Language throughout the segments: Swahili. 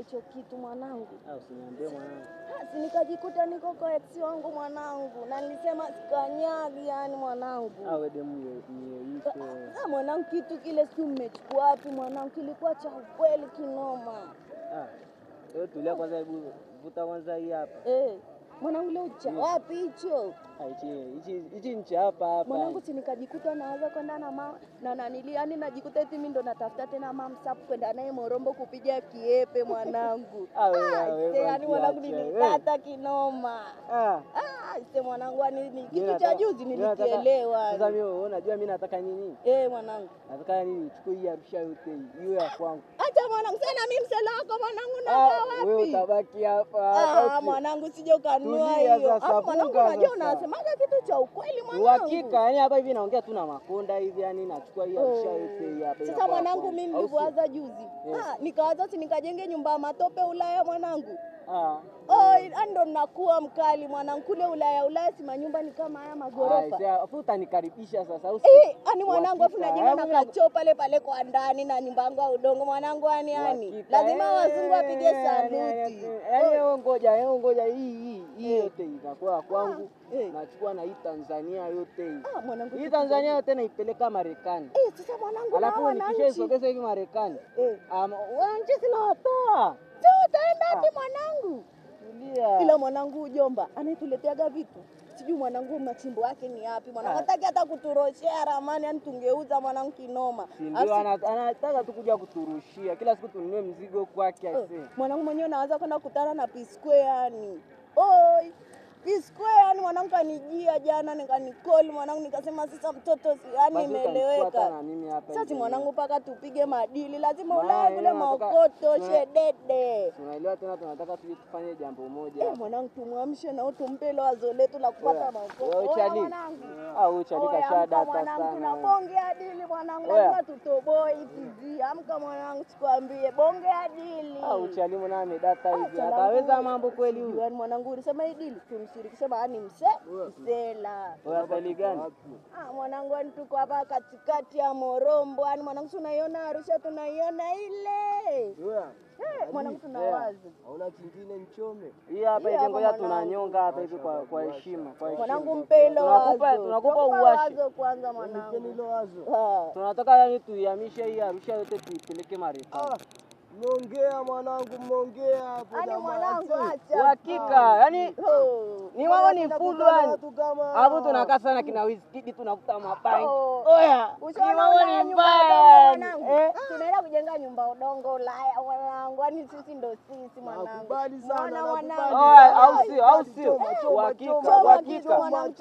hicho kitu mwanangu. Ah, usiniambie mwanangu. Basi nikajikuta niko kwa ex wangu mwanangu, na nilisema sikanyagi, yani mwanangu. Awe ah, demu yeiko. Ah, mwanangu, kitu kile si mmechukua wapi mwanangu, kilikuwa cha ukweli kinoma. Ah, wewe tulia kwanza, hebu vuta kwanza hii hapa. Eh. Mwanangu leo cha wapi hicho? Hichi nchi hapa hapa. Mwanangu si nikajikuta naanza kwenda na mama na nanili, yani najikuta eti mimi ndo natafuta tena mama msapu kwenda naye Morombo kupiga kiepe mwanangu. Yaani mwanangu nilikata kinoma. Ah, ah, mwanangu ni kitu cha juzi nilikielewa. Sasa mimi unajua mimi nataka nini? Eh, mwanangu. Nataka nini? Chukua hii Arusha yote hii. ya kwangu. Acha mwanangu sana, mimi msela wako mwanangu, nakaa ah, wapi? Wewe utabaki hapa ah, mwanangu, sije ukanua hiyo hapo mwanangu. Unajua unasemaga kitu cha ukweli mwanangu, uhakika. Yani hapa hivi naongea tu na makonda hivi, yani nachukua hiyo msha oh. yote hapa. Sasa mwanangu, mimi niliwaza juzi, eh. ah, nikawaza si nikajenge nyumba ya matope Ulaya mwanangu Ah. Oh, ah, ndo nakuwa mkali mwanangu, kule Ulaya Ulaya si manyumba ni kama haya magorofa. Ah, eh, afu utanikaribisha sasa usi. Eh, ani mwanangu afu najenga na kacho pale pale kwa ndani na nyumba yangu ya udongo mwanangu ani ani. Lazima eh, wazungu wapige saluti. Yaani wewe ngoja, wewe ngoja hii hii hii eh. yote itakuwa kwangu. Nachukua na hii Tanzania yote hii. Ah, mwanangu. Hii Tanzania yote naipeleka Marekani. Eh, sasa mwanangu. Alafu nikishaisogeza hivi Marekani. Eh, um, wanchi sinawatoa utaenda wapi ah. mwanangu? Ila mwanangu ujomba anaituleteaga vitu sijui mwanangu machimbo yake ni yapi mwanangu, ah. hataki hata kuturoshea ramani, yani tungeuza mwanangu kinoma. Ndio anataka tu kuja kuturushia kila siku tununue mzigo kwake. Oh, mwanangu mwenyewe anaanza kwenda kutana na P Square yani. Oi. Kisquare, yani mwanangu kanijia jana, nikanikoli mwanangu, nikasema sasa mtoto yani imeeleweka sasa, mwanangu mpaka tupige madili, lazima ulae kule maokoto shedede. Unaelewa tena, tunataka tufanye jambo moja eh, mwanangu, tumwamshe na tumpe ile wazo letu la kupata maokoto. Mwanangu tunabongea ah, dili mwanangu, lazima tutoboe hivi. Amka mwanangu, sikwambie bongea dili. Ah, Uchalimu naye amedata ah, hivi, ataweza mambo kweli huyu mwanangu, ulisema hii dili usiriki, sema ni mse msela. gani? Ah, mwanangu, yani tuko hapa katikati ya Morombo, yani mwanangu, tunaiona Arusha, tunaiona ile eh, mwanangu, tunawaza hauna mchome. Hii hapa ile ngoja tunanyonga hapa hivi kwa heshima, kwa heshima mwanangu, mpe hilo wazo, tunakupa uwazo kwanza mwanangu, ah. tunataka yani tuihamishe hii Arusha yote tuipeleke Marekani. Ah. Mongea mwanangu, mongea hapo yaani mwanangu, acha hakika. Ah. Yani oh. ni wao ni mfugo hapo, tunakaa sana kina Wizkid, tunakuta mapangi oh. oya, ni wao ni mbaya. Eh? Ah. Tunaenda kujenga nyumba udongo laya wanangu, yani sisi ndo sisi mwanangu, sana oya, au sio? Au sio? Hakika, hakika. Yaani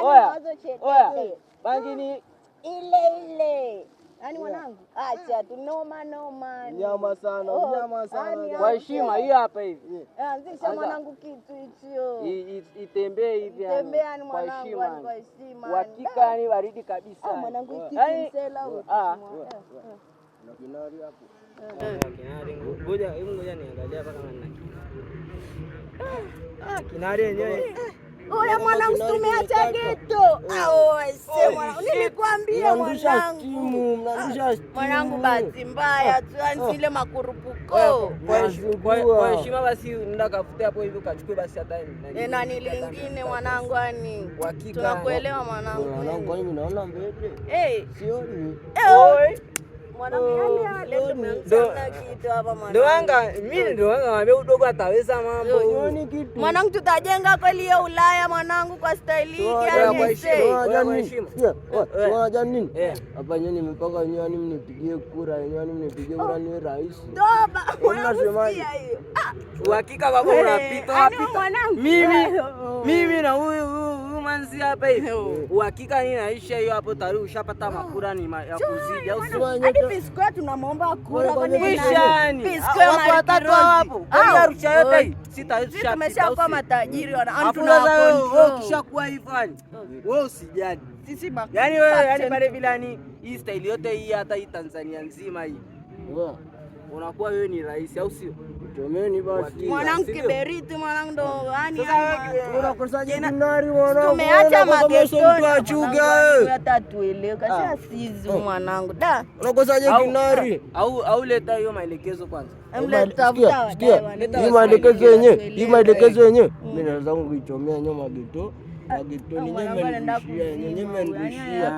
oya, oya, bangini ah. ile ile Yaani mwanangu, acha tu noma noma. Nyama sana, oh, nyama yaani sana. Yaani yaani kwa heshima hii hapa hivi. Ah, anzisha mwanangu kitu hicho. Itembee hivi yani. Itembee yani mwanangu kwa heshima. Hakika yani ah. baridi kabisa. Ah mwanangu hiki msela huko. Ah. ah. Na binari hapo. Ngoja, ngoja niangalia hapa kama Ah, kinari yenyewe. Ule mwanangu tumeacha geto. Ah, Nilikwambia mwanangu, mwanangu, bahati mbaya tu yaani oh. ile makurupuko. Kwa heshima basi ndakafute hapo hivi ukachukue basi hata eh, nani lingine mwanangu, ani tunakuelewa mwanangu. Naona mbele eh. sioni eh, oh. Ndoanga mimi ndoanga wambia udogo ataweza mambo. Mwanangu, tutajenga kweli ya Ulaya mwanangu, kwa staili moja eh, eh. eh. hapa nyinyi mpaka wenyewe mnipigie kura, wenyewe mnipigie kura ni rais. Uhakika wako unapita mimi na huyu mwanzi hapa hivi. Uhakika nini naisha hiyo hapo tayari ushapata ah. makura ni ya kuzidi au sio? Hadi pisko tunamwomba kura kwa nini? Pisko ya matatu hapo. Hadi Arusha yote hii. Sita hizo shati. Tumeshakuwa matajiri wana hapo. Wewe ukishakuwa hivyo wewe usijali. Sisi baki. Yaani wewe yaani pale vile yani hii style yote hii hata hii Tanzania nzima hii. Wow. Mm unakuwa wewe ni rais, au sio? Tumeni basi mwanangu, kiberiti mwanangu, ndo ah. yani tumeacha magetoni, ah. sizi mwanangu, da unakosaje kinari? Eh, au au leta hiyo maelekezo kwanza, hii maelekezo yenyewe, hii maelekezo yenyewe mm. mimi naweza kuichomea nyuma geto agetonimmendushia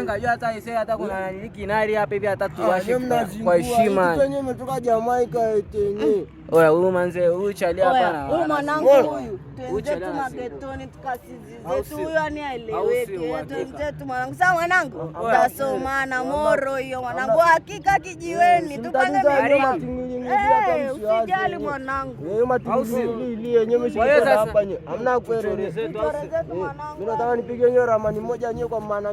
Nikajua hata isee hata kuna mm. nani kinari hapa hivi hata tuwashe ah, kwa heshima. Wenyewe umetoka Jamaica mm. Oya huyu manze huyu chali hapa na. Huyu mwanangu huyu. magetoni ani aeleweke. tu mwanangu. Sasa mwanangu tasomana moro hiyo mwanangu hakika kijiweni eh, tupange mimi. Eh, usijali mwanangu. Eh, yenyewe hapa. Hamna kweli. Mimi nataka nipige moja yenyewe kwa maana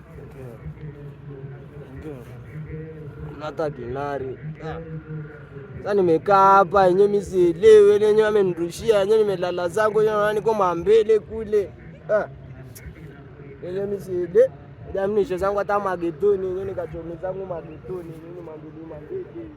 Hata dinari sasa, nimekaa hapa yenyewe misielewe, lenyewe amenirushia yenyewe, nimelala zangu niko mambele kule ah. yenyewe misiele jamnisho zangu hata magetoni yenyewe, nikachome zangu magetoni yenyewe mambili mambili